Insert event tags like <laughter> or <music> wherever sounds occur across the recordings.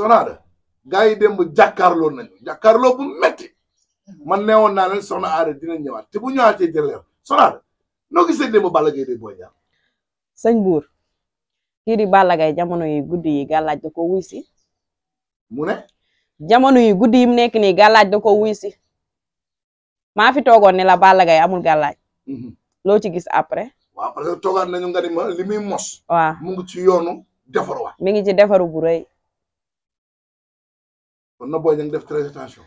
soxna gaa yi démb jàkkaarloo nañu jàkkaarloo bu metti man nee woon naa leen soxna aada dina ñëwaat te bu ñëwaatee jël leen soxna noo gisee démb Balla Gaye de Boy Niang sëñ buur kii di Balla jamono yi guddi yi gàllaaj da ko wuy si mu ne jamono yi guddi yi mu nekk nii gàllaaj da ko wuy si maa fi toogoon ne la Balla amul gàllaaj mhm. loo ci gis après waaw parce que toogaat nañu nga ni ma li muy mos waaw ci yoonu defaruwaat mi ngi ci defaru bu rëy kon na booy def très attention.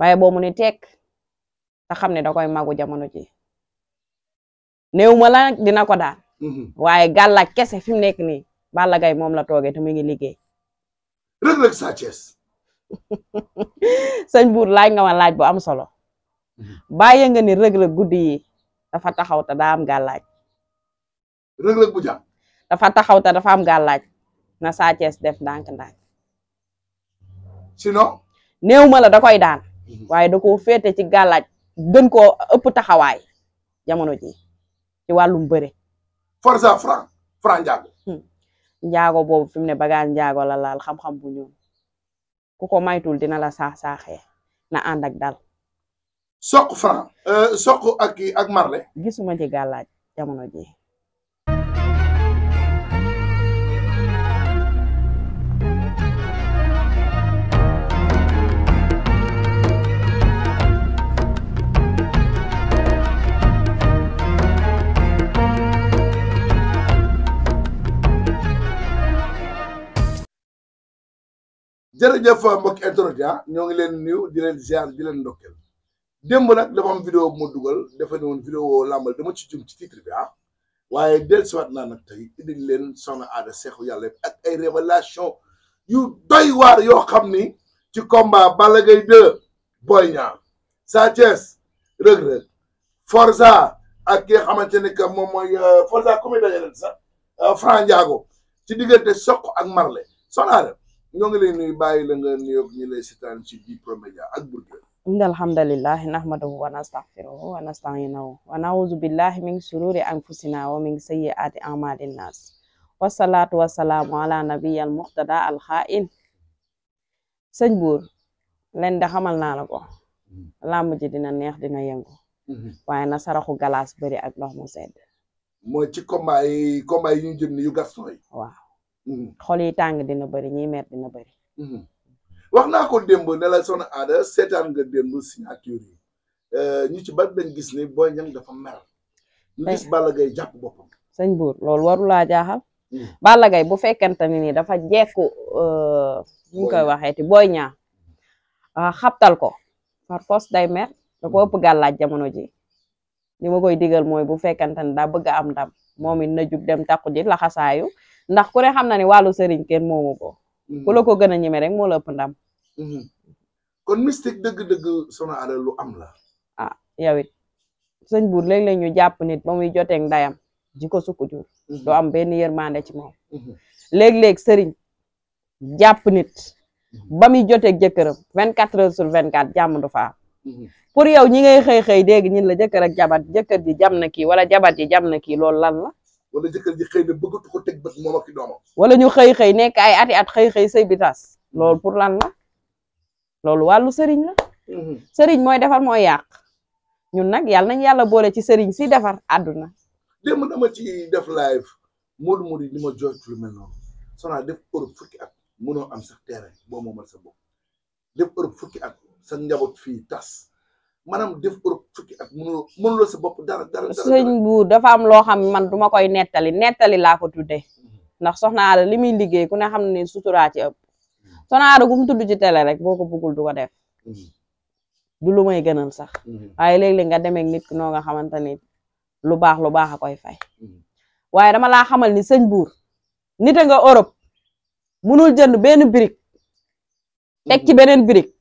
waaye boo mu ne teg xam ne da koy magu jamono ji néew ma la dina ko daan. Mhm. waaye gàlla kese fi mu nekk nii Balla Gaye moom la toogee te mu ngi liggéey. Reug Reug Sa Thiès. <laughs> sëñ buur laaj nga ma laaj bu am solo. Mhm. bàyyi nga ni Reug guddi yi dafa taxaw te daa am gàllaaj. Reug Reug dafa taxaw te dafa am gàllaaj na Sa Thiès def ndànk-ndànk. sinon néew ma la da koy daan mhm. waaye da koo féete ci gàllaaj gën koo ëpp taxawaay jamono ji ci wàllum bëre forza franc franc njaago hmm. njaago boobu fi mu ne bagage njaago la laal xam-xam bu ñuul ku ko maytul dina la saax-saaxee na ànd daal dal soq franc euh, soq ak ak marle gisuma ci gàllaaj jamono ji jërëjëf mbokk internet ya ñoo ngi leen nuyu di leen ziar di leen ndokkeel démb nag dafa am vidéo bu ma dugal dafa dama ci jum ci titre bi ah waaye dellusiwaat naa nag tey indil leen soxna Ada Seexu yàlla ak ay révélation yu doy waar yoo xam ni ci komba bala Gaye 2 Boy Niang Sa Thiès Reug Reug ak ki nga xamante ne que moom mooy euh, Forza comme daje leen sax euh, Franc Ndiago ci diggante Sokh ak Marley son Ada ñoo ngi lay nuyu bàyyi la nga nuyoog ñi lay seetaan ci Bprod Media ak Burkina. inna alhamdulillahi nahmaduhu wa nastaghfiruhu wa nasta'inuhu wa na'udhu billahi min shururi anfusina wa min sayyiati a'malina wasalaatu wasalaamu ala nabiyal muqtada al xaa'in sëñ buur leen da xamal naa la ko làmb ji dina neex dina yëngu waaye na saraxu galaas bëri ak ndox mu sedd mooy ci combat yi combat yi ni yu gaston yi waaw Mm-hmm. xol yi tàng dina bëri ñi mer dina bëri. Mm-hmm. wax ko démb ne la soxna Ada seetaan nga démb signature yi euh, ñu ci bari dañ gis ni Boy Niang dafa mer. ñu gis eh. Balla Gaye jàpp boppam. buur loolu warulaa jaaxal. Mm-hmm. Balla bu fekkente ne ni dafa jekku euh, ñu ngi koy waxeeti Boy Niang ah, xabtal ko par force day mer da ko ëpp gàllaaj jamono ji li koy digal mooy bu fekkente ne daa bëgg a am ndam moom it na jug dem takku ji laxasaayu ndax ku ne xam na ne wàllu sëriñ kenn moomu ko. Mm-hmm. ku la ko gën a ñeme rek moo la ndam. Mm-hmm. kon mystique dëgg-dëgg Soxna Ada lu am la. ah yow it sëñ buur léeg-léeg ñu jàpp nit ba muy joteeg ndayam ji ko sukk jur. Mm-hmm. doo am benn yërmande ci moom. léeg-léeg sëriñ jàpp nit. ba muy joteeg jëkkëram 24 heures sur 24 jàmm du fa am. pour yow ñi ngay xëy xëy dégg ñin la jëkkër ak jabat jëkkër ji jam na kii wala jabat ji jam na kii loolu lan la. wala jëkkër ji xëy na bëggatu ko teg bët moom wala ñu xëy xëy nekk ay ati at xëy xëy sëy bi tas mm-hmm. pour lan la loolu wàllu sëriñ la. Mm-hmm. sëriñ mooy defar mooy yàq ñun nag yàlla nañ yàlla boole ci sëriñ si defar àdduna. démb dama ci def live Modou Modou ni ma jooytu lu mel noonu Soxna def Europe fukki at mënoo am sax terrain boo moomal sa bopp def Europe fukki at sa njaboot fi tas. maanaam def dafa am loo xam man du koy nettali nettali laa ko tuddee mm-hmm. ndax soxna Ada li muy liggéey ku ne xam ne suturaa ci ëpp mm-hmm. soxna gu mu rek boo ko bëggul du ko def mm-hmm. du lu may gënal sax waaye léeg-léeg nga demee nit ki noo nga xamante ni lu baax lu baax a koy fay waaye dama laa xamal ni sëñ buur nite nga Europe munul jënd benn birik teg ci beneen brique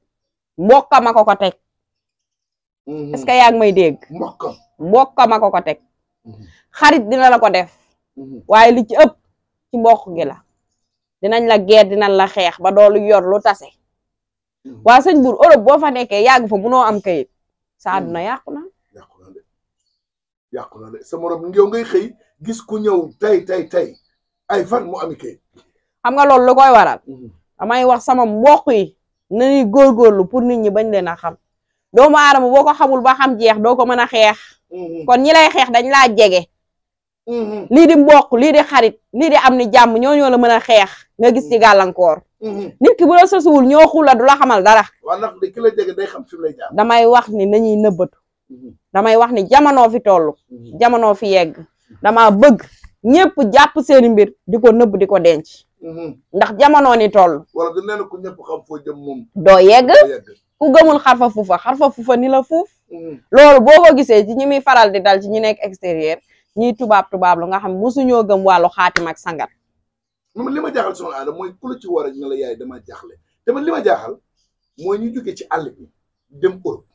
mbokkam a ko ko Mm-hmm. est-ce que yaa may dégg. mbokkam mbokkam a ko ko teg. Mm-hmm. xarit dina la ko def. Mm-hmm. waaye li ci ëpp ci mbokk gi la. dinañ la geer dinañ la xeex ba dooli yor lu tase. waa sëñ Buur Europe boo fa nekkee yàgg fa munoo am kayit. sa na. yàqu na de yàqu na de sa morom yow ngay xëy gis ku ñëw tey tey tey ay fan mu ami xam nga loolu lu koy waral. damay wax sama mbokk yi nañuy góorgóorlu pour nit ñi bañ leen a xam. doomu aadama boo ko xamul ba xam jeex doo ko mën a xeex. Mm-hmm. kon ñi lay xeex dañ laa jege. Mm-hmm. lii di mbokk lii di xarit lii di am ni jàmm ñoo ñoo la mën a xeex nga gis ci mm-hmm. gàllankoor. nit ki bu la sësuwul ñoo xul du la xamal dara. damay wax ni nañuy nëbbatu. damay wax ni jamono fi toll. jamono fi yegg. dama bëgg ñëpp jàpp seeni mbir di ko nëbb di ko denc. Mhm. ndax jamono ni toll. wala du ne ku ñëpp xam foo jëm doo yegg ku gëmul xarfa fuufa xarfa fufa ni la fuuf. Mhm. loolu boo ko gisee ci ñi faral di dal ci ñi nekk extérieur ñiy tubaab tubaab lu nga xam mosuñoo gëm wàllu xaatim ak sangat. moom li ma jaaxal soxna Ada mooy ku la ci war a ñu la dama jaaxle te man li ma jaaxal mooy ñu jóge ci àll bi dem Europe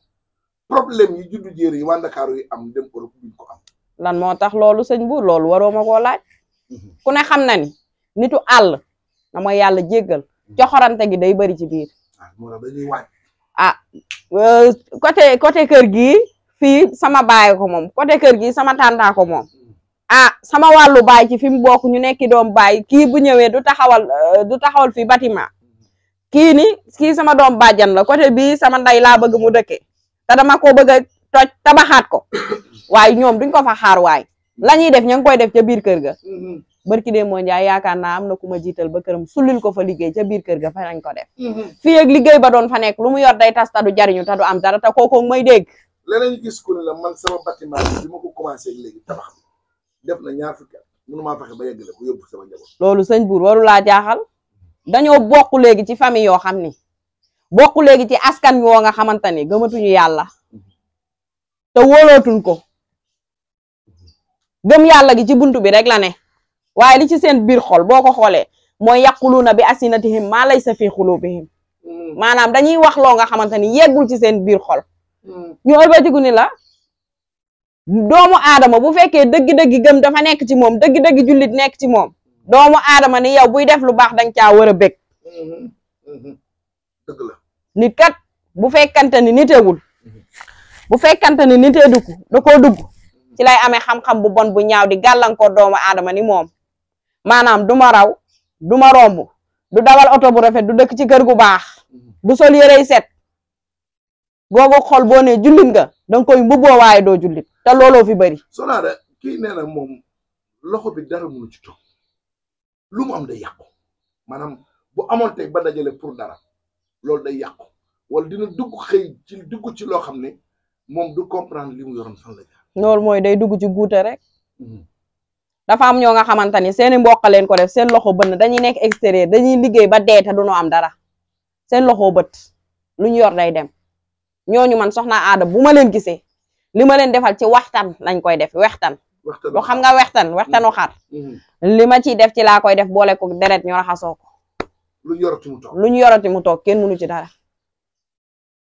problème yi juddu jéer yi wa Ndakaaru yi am dem Europe ko am. lan moo tax loolu sëñ bu loolu waroo ma koo laaj. Mhm. ku ne xam na ni. nitu àll na ma yàlla jéggal joxorante gi day bëri ci biir. ah, ah euh, côté côté kër gi fii sama baay ko moom côté kër gi sama tàntaa ko moom. ah sama wàllu baay ci fi mu bokk ñu nekki doom baay kii bu ñëwee du taxawal euh, du taxawal fii bâtiment kii ni kii sama doom bàjjan la côté bii sama ndey laa bëgg mu dëkkee te dama ko bëgg a toj tabaxaat ko <coughs> waaye ñoom duñ ko fa xaar waay la ñuy def ña ngi koy def ca biir kër ga. Mm-hmm. barki dee moo njaay yaakaar naa am na ku ma jiital ba këram sullil ko fa liggéey ca biir kër ga fa lañ ko def mhm. fii ak liggéey ba doon fa nekk lu mu yor day tas ta du jariñu ta am dara te ko ko yóbbu sama njaboot loolu sëñ buur waru laa jaaxal dañoo bokk léegi ci famille yoo xam ni bokku léegi ci askan woo nga xamante ni gëmatuñu yàlla te wóolootuñ ko gëm yàlla gi ci buntu bi rek la ne waaye li ci seen biir xol boo ko xoolee mooy na bi asinatihim maa sa fi xulubihim hmm. maanaam dañuy wax loo nga xamante ni yeggul ci seen biir xol. Hmm. ñu ëlbatiku ni la doomu aadama bu fekkee dëgg-dëgg gëm dafa nekk ci moom dëgg-dëgg jullit nekk ci moom doomu aadama ni yow buy def lu baax danga caa war a bëgg. dëgg hmm. kat bu fekkante ni nitewul bu fekkante ni nitee dugg da koo dugg ci lay amee xam-xam bu bon bu ñaaw di gàllankoor doomu aadama ni moom maanaam du ma raw du ma romb du dawal oto bu rafet du dëkk ci kër gu baax du sol yërey set googu xol boo nee jullit nga danga koy mbubboo waaye doo jullit te looloo fi bari Soxna kii nee na moom loxo bi dara mënu ci toog lu mu am da yàqu maanaam bu amoon tey ba dajale pour dara loolu day yàqu wala dina dugg xëy ci dugg ci loo xam ne moom du comprendre li mu yoroon fan la jaar. loolu mooy day dugg ci guute rek. Mm-hmm. dafa am ñoo nga xamante ni seeni mbokk leen ko def seen loxo bët dañuy nekk extérieur dañuy liggéey ba dee te du ñu am dara seen loxo bët lu ñu yor day dem ñooñu man soxna aada bu ma leen gisee li ma leen defal ci waxtaan lañ koy def waxtaan. lu xam nga waxtaan waxtaanu xar. Mm-hmm. li ma ciy def ci laa koy def boole ko deret ñu raxasoo ko. lu ñu yorati mu toog lu mu toog kenn mënu ci dara.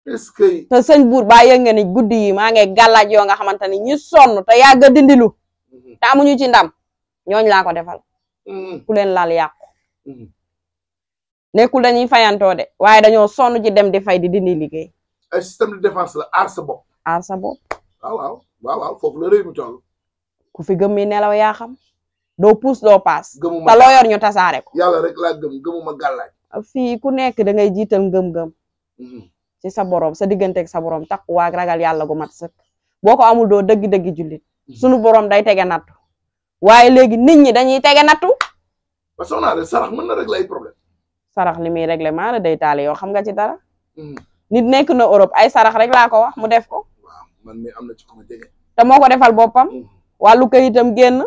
est-ce que. te sëñ buur baa yëg nga ni guddi yi maa ngi gàllaaj yoo nga xamante ni ñi sonn te yàgg dindilu mm-hmm. te ñu ci ndam. ñooñu laa ko defal. Mm-hmm. ku leen laal yàqu. Mm-hmm. nekkul dañuy fayantoo de waaye dañoo sonn ci dem di fay di dindi liggéey. ay système de défense la aar sa bopp. aar sa bopp. waaw waaw waaw waaw foofu la réew mi toll. ku fi gëm mi nelaw yaa xam. doo puus doo paas. gëmuma te loo yor ñu tasaare ko. yàlla rek laa gëm gëmuma gàllaaj. fii ku nekk da ngay jiital ngëm-ngëm. Mm-hmm. ci sa borom sa digganteeg sa borom takkuwaag ragal yàlla gu mat sëkk. boo ko amul doo dëgg-dëgg jullit. sunu borom day tege waaye léegi nit ñi dañuy tege nattu. ba soxnaa de sarax mën na régler maa la day taale yoo xam nga ci dara. Hmm. nit nekk na Europe ay sarax rek laa ko wax mu def ko. waaw man mii am na ci ku jege. te ko defal boppam. Hmm. wàllu kayitam génn.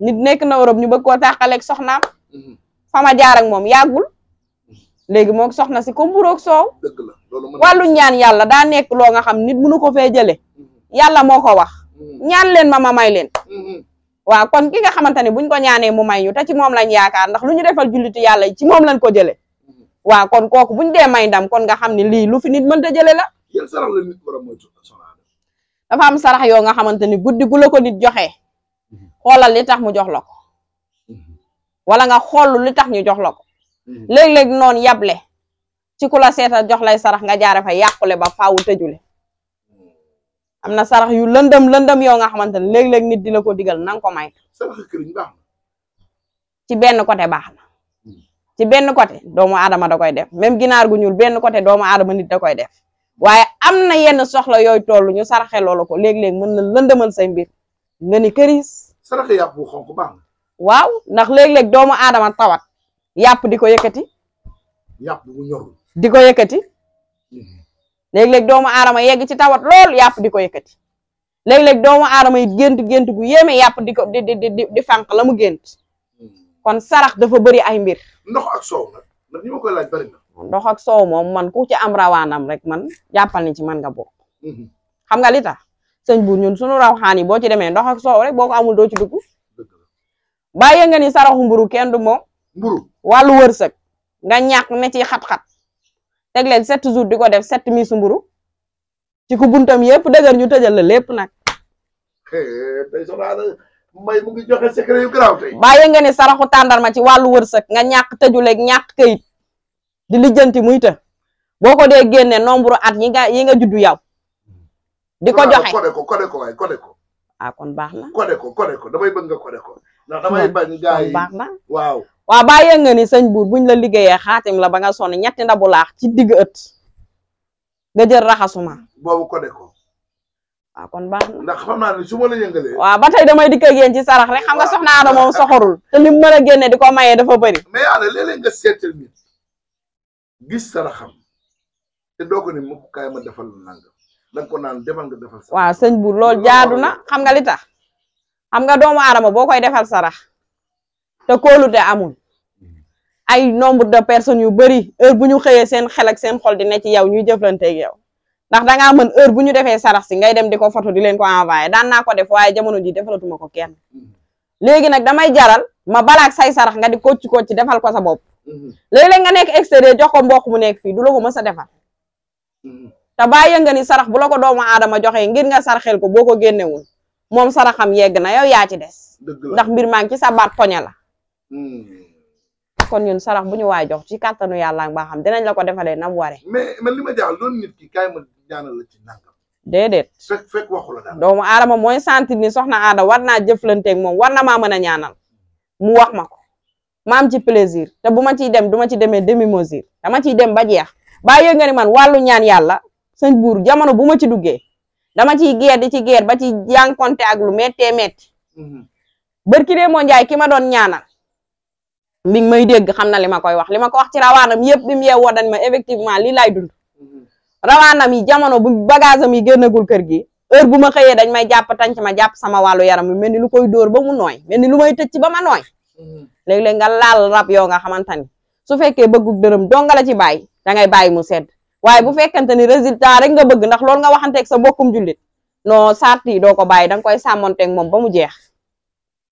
nit nekk na Europe ñu bëgg koo tàqaleeg soxnaam. Hmm. fa ma jaar ak moom yàggul. léegi moom soxna si comme buroog soow. dëgg wàllu ñaan yàlla daa nekk loo nga xam nit mënu ko fee jëlee. yàlla moo ko wax. ñaan leen ma ma may leen. waaw kon ki nga xamante ne buñ ko ñaanee mu may ñu te ci moom lañ yaakaar ndax lu ñu defal jullitu yàlla ci moom lañ ko jëlee mm-hmm. waaw kon kooku buñ dee may ndam kon nga xam ne lii lu fi nit mënta la. yan sarax la a moytu dafa am sarax yoo nga xamante ni guddi la ko nit joxe mm-hmm. xoolal li tax mu jox la ko mm-hmm. wala nga xool li tax ñu jox la ko léeg-léeg noonu yable ci la seetal jox lay sarax nga jaare fa yàqule ba faawu tëjule am na sarax yu lëndëm lëndëm yow nga xamante ne léeg-léeg nit di la ko digal na nga ko may. ci benn côté baax na. Hmm. ci benn côté doomu adama da koy def même ginaar gu ñuul benn côté doomu aadama nit da koy def waaye am na yenn soxla yooyu toll ñu saraxe loola ko léeg-léeg mën na lëndëmal say mbir nga ni këris. sarax yàpp bu xonk baax na. waaw ndax léeg-léeg doomu aadama tawat yàpp di ko yëkkati. di ko yëkkati. Hmm. léeg-léeg doomu aadama yegg ci tawat lool yàpp di ko yëkkati léeg-léeg doomu aadama yi gént gént gu yéeme yàpp di di di di di la mu gént kon sarax dafa bari ay mbir. ndox ak soow nag moom man ku ci am rawaanam rek man jàppal ni ci man nga bokk. Mhm. xam nga li tax sëñ ñun suñu raw xaan yi boo ci demee ndox ak soow rek boo ko amul doo ci dugg. bàyyi nga ni saraxu mburu kenn du moom. mburu wàllu wërsëg nga ñàkk ci xat-xat. teg leen sept jours di ko def sept mi su ci ku buntam yëpp dëgër ñu tëjal la lépp nag. may mu ngi joxe secret yu garaaw tey. nga ne saraxu tàndarma ci wàllu wërsëg nga ñàkk tëjuleeg ñàkk kayit di lijjanti muy të boo ko dee génne nombre at yi nga yi nga juddu yow. di ko ah, joxe code ko code ko waay code ko. ah kon baax na. code ko code ko damay bëgg nga code ko. ndax damay bañ gaa baax na waaw. waa baa yënga ni sëñ buur buñ la liggéeyee xaatim la ba nga sonn ñetti ndabu laax ci digg ët nga jël raxasuma boobu ko de kon baax na su ma waa yëngalee ba tey damay dikk ak yéen ci sarax rek xam nga soxna Ada moom soxorul te lim mën a génne di ko mayee dafa bëri mais Ada léeg-léeg gis saraxam te doo ko ni ko naan demal nga sëñ buur loolu jaadu na xam nga lita tax xam nga doomu aadama boo koy defal sarax te kóolute amul mm. ay nombre de personnes yu bari heure bu ñu xëyee seen xel seen xol di ne ci yow ñuy jëflanteeg yow ndax dangaa mën heure bu ñu defee sarax si ngay dem di ko foto di leen ko envoyé daan naa ko def waaye jamono ji defalatuma ko kenn mm. léegi nag damay jaral ma balaak say sarax nga di kocc kocc defal ko sa bopp mm-hmm. léeg nga nekk extérieur jox ko mbokk mu nekk fii du la ko mës a defal mm-hmm. te baa yënga ni sarax bu la ko doomu joxe joxee ngir nga sarxel ko boo ko génnewul moom saraxam yegg na yow yaa ci des ndax mbir maa ngi ci sa baat poñe la Hmm. kon ñun sarax bu ñu waay jox ci kàttanu yàlla ak baaxam dinañ la ko defalee nam waree. mais man ma jaaxal loolu nit doomu aadama mooy sentir ni soxna aada war naa jëflanteeg moom war na maa mën a ñaanal mu wax ma ko ma am ci plaisir te bu ma ciy dem du ma ci demee demi mesure dama ciy dem ba jeex ba yëg man wàllu ñaan yàlla sëñ buur jamono bu ma ci duggee dama ciy geer di ci geer ba ci jànkonte ak lu méttee métti. Hmm. barki dee njaay ki doon ñaanal. mi ngi may dégg xam na li ma koy wax li ma ko wax ci rawaanam yëpp bi mu yeewoo dañ ma effectivement lii laay dund mhm. rawaanam yi jamono bu bagage yi génnagul kër gi bu ma xëyee dañ may jàpp tànc ma jàpp sama wàllu yaram bi mel ni lu koy dóor ba mu nooy mel ni lu may tëj ci ba ma nooy mhm. léeg-léeg nga laal rab yoo nga xamante ni su fekkee bëggug dërëm donga la ci bàyyi da ngay bàyyi mu sedd waaye bu fekkente ni résultat rek nga bëgg ndax loolu nga waxanteeg sa bokkum julit non sart yi doo ko bàyyi da nga koy sàmmonteeg moom ba mu jeex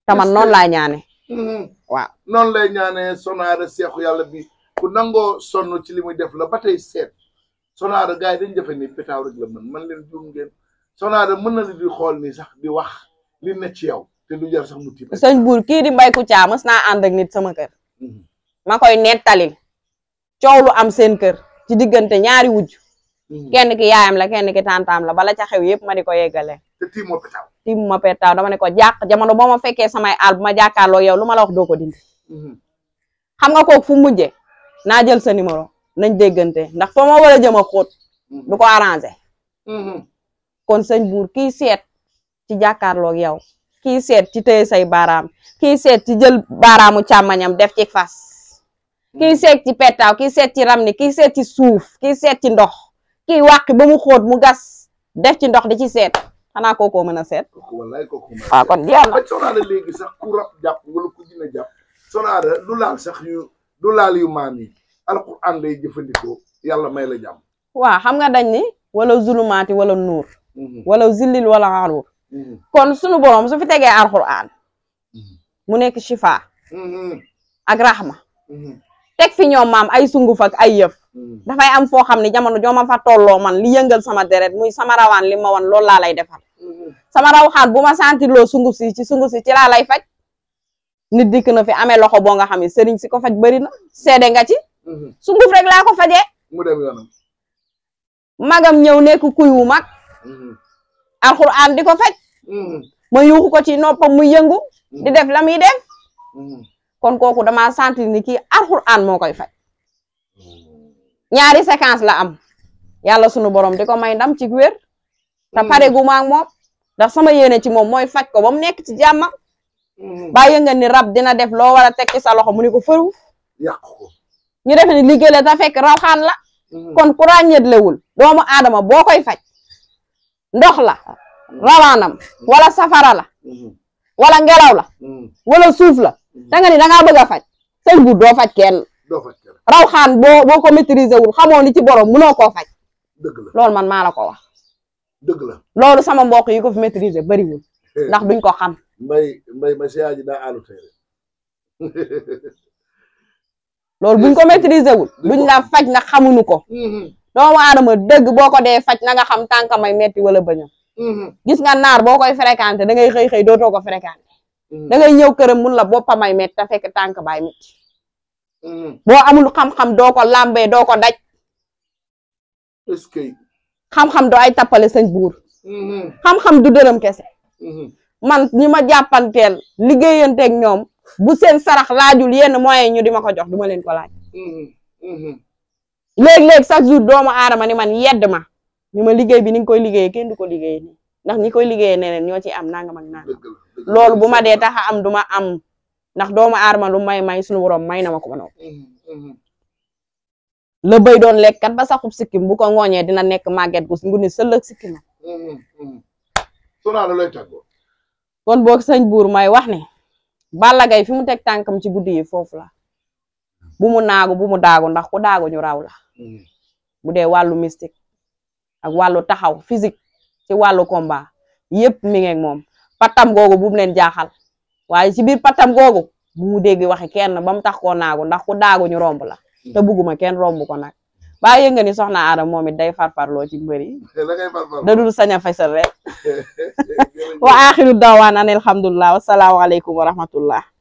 taman noonu laa ñaane Mm-hmm. waaw noonu lay ñaanee sonaare seexu yàlla bi ku nangoo sonn ci li muy def la ba tey seet sonaare gars yi ni pétaaw rek mën man leen juum ngeen sonaare mën na li di xool ni sax di wax li ne ci yow te du jar sax mu tiim sëñ buur di mbay ku caa mës naa ànd ak sama kër mm-hmm. ma koy nettalil coow lu am seen kër ci diggante ñaari wujj Hmm. kenn ki yaayam la kenn ki tantaam la bala ca xew yëpp ma di ko yeggale te tiim ma petaaw tiim ma petaaw dama ne ko jàq jamono boo ma fekkee samay aal ma jàkkaarloo yow lu ma la wax doo ko dindi hmm. xam nga kooku fu mujjee naa jël sa numéro nañ déggante ndax foo ma war a jëm a xóot hmm. du ko arrangé kon sëñ buur kii seet ci jàkkaarloog yow kii seet ci téye say baaraam kii seet ci jël baaraamu càmmañam def ci fas kii seet ci ndox kii wàq ba mu xóot mu gas def ci ndox di ci seet xanaa kookoo mën seet. wallaay kooku mën a seet waaw kon jeex na. ba sonaara léegi sax ku rab jàpp wala ku dina jàpp sonaara du laal sax yu du laal yu la jàmm. waaw xam nga dañ ni wala zulumaati wala nuur. Mhm. wala zillil wala haruur. Mhm. kon sunu borom su fi tegee alquran. Mhm. mu nekk shifa. ak rahma. teg fi ñoom maam ay sunguf ak ay yëf. Mm. dafay am foo xam ne jamono joo ma fa tolloo man li yëngal sama deret muy sama rawan li ma wan loolu laa lay defal mm-hmm. sama rawxaan bu ma sentirloo sunguf si ci sunguf si ci laa lay faj nit dikk na fi amee loxo boo nga xam ne sëriñ si ko faj bëri na seede nga ci mm-hmm. sunguf rek laa ko fajee magam ñëw nekk kuy wu mag mm-hmm. alxuraan di ko faj ma yuuxu ko ci noppam muy yëngu di def la muy kon kooku dama sentir ni kii alxuraan moo koy faj ñaari séquence la am yàlla sunu borom di ko may ndam ci wér te hmm. pare gu ma ak moom ndax sama yéene ci moom mooy faj ko ba nekk ci jàmm hmm. bàyyi nga ni rab dina def loo war a teg ci sa loxo mu ni ko fëru yàq ko ñu def ni liggéey la ta fekk rawxaan la hmm. kon ku ràññeetlewul doomu aadama boo koy faj ndox la rawaanam wala safara la wala ngelaw la wala suuf la da nga da ngaa bëgg a faj sëñ bu doo kenn raw xaan boo boo ko maîtriser wul xamoo li ci borom mënoo koo faj. dëgg la man maa la ko wax. dëgg la loolu sama mbokk yi ko fi maîtriser bëriwul eh. ndax duñ ko xam. mbay mbay ma siyaa ji daa àllu tey <laughs> loolu buñ ko maîtriser wul duñ la faj na xamuñu ko mm-hmm. doomu aadama dëgg boo ko dee faj na nga xam tànka may metti wala bañam mm-hmm. gis nga naar boo koy fréquenté da ngay xëy xëy dootoo ko fréquenté mm-hmm. da ngay ñëw këram mun la boppamay metti te fekk tànk baay metti boo amul xam-xam doo ko làmbee doo ko daj. est-ce xam-xam doo ay tappale sañ buur. Mm-hmm. xam-xam du dërëm kese. Mm-hmm. man ñi ma jàppanteel liggéeyanteeg ñoom bu seen sarax laajul yenn moyens ñu di ma ko jox duma leen ko laaj. Mm-hmm. léeg-léeg chaque jour doomu aadama ni man yedd ma ni ma liggéey bi ni nga koy liggéeyee kenn du ko liggéey ni ndax ñi koy liggéeye neneen ñoo ci am nangam ak nangam loolu bu ma am du am. ndax doomu aadama lu may may suñu borom may na ma ko ma noonu mhm, mhm. la doon lekkat ba saxub sikkim bu ko ngooñee dina nekk màgget gu nguni sëllëg sikkim mhm, kon boog sëñ buur may wax ne Balla Gaye fi mu teg tànkam ci guddi yi foofu la bu mu naagu bu mu daagu ndax ku daagu ñu raw la bu wàllu mystique ak wàllu taxaw physique ci wàllu combat yépp mi ngeeg moom patam googu bu leen jaaxal waaye si biir pattam googu bu mu dégg waxi kenn ba mu tax koo naagu ndax ku daagu ñu romb la te hmm. bugguma kenn rombu ko nag bàyyi nga ni soxna Aadama moom it day farfarloo ci mbër da dul sañ a fasal rek <laughs> wa axiru dawaan an alhamdulilah wasalaamualeykum wa rahmatullah